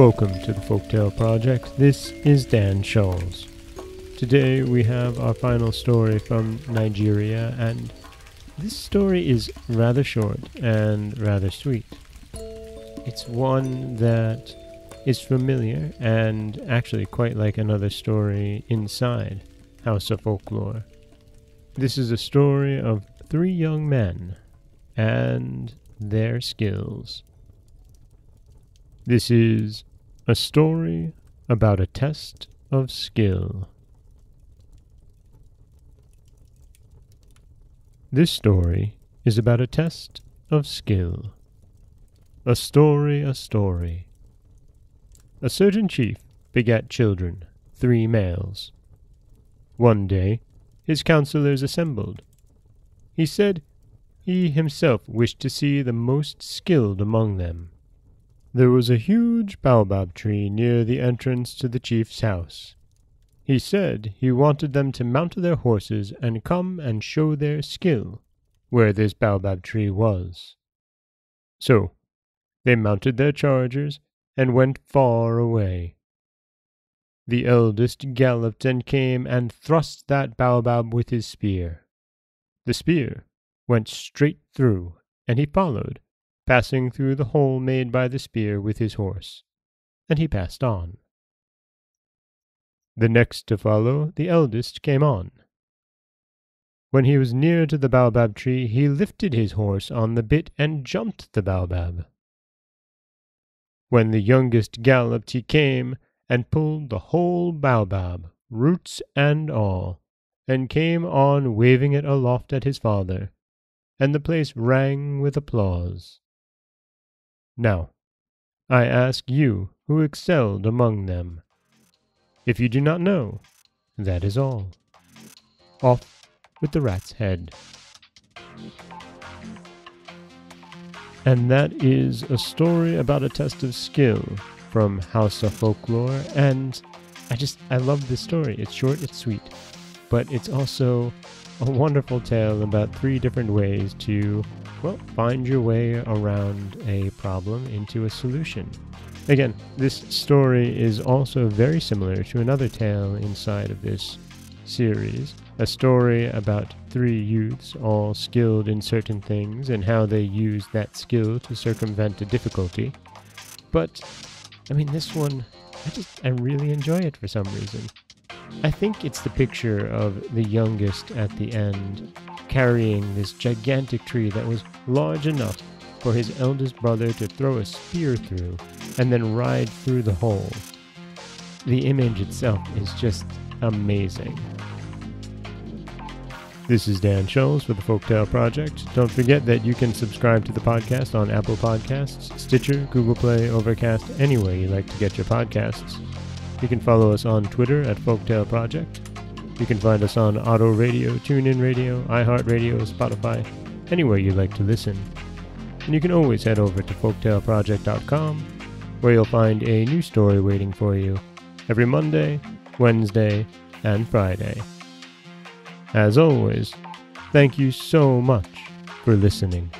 Welcome to the Folktale Project. This is Dan Scholes. Today we have our final story from Nigeria, and this story is rather short and rather sweet. It's one that is familiar and actually quite like another story inside House of Folklore. This is a story of three young men and their skills. This is a story about a test of skill. This story is about a test of skill. A story, a story. A certain chief begat children, three males. One day, his counselors assembled. He said he himself wished to see the most skilled among them. There was a huge baobab tree near the entrance to the chief's house. He said he wanted them to mount their horses and come and show their skill where this baobab tree was. So they mounted their chargers and went far away. The eldest galloped and came and thrust that baobab with his spear. The spear went straight through, and he followed passing through the hole made by the spear with his horse, and he passed on. The next to follow, the eldest came on. When he was near to the baobab tree, he lifted his horse on the bit and jumped the baobab. When the youngest galloped, he came and pulled the whole baobab, roots and all, and came on waving it aloft at his father, and the place rang with applause. Now, I ask you who excelled among them. If you do not know, that is all. Off with the rat's head. And that is a story about a test of skill from House of Folklore. And I just, I love this story. It's short, it's sweet, but it's also a wonderful tale about three different ways to well, find your way around a problem into a solution. Again, this story is also very similar to another tale inside of this series, a story about three youths all skilled in certain things and how they use that skill to circumvent a difficulty. But I mean this one I just I really enjoy it for some reason. I think it's the picture of the youngest at the end, carrying this gigantic tree that was large enough for his eldest brother to throw a spear through and then ride through the hole. The image itself is just amazing. This is Dan Scholes with the Folktale Project. Don't forget that you can subscribe to the podcast on Apple Podcasts, Stitcher, Google Play, Overcast, anywhere you like to get your podcasts. You can follow us on Twitter at Folktale Project. You can find us on Auto Radio, TuneIn Radio, iHeartRadio, Spotify, anywhere you like to listen. And you can always head over to folktaleproject.com, where you'll find a new story waiting for you every Monday, Wednesday, and Friday. As always, thank you so much for listening.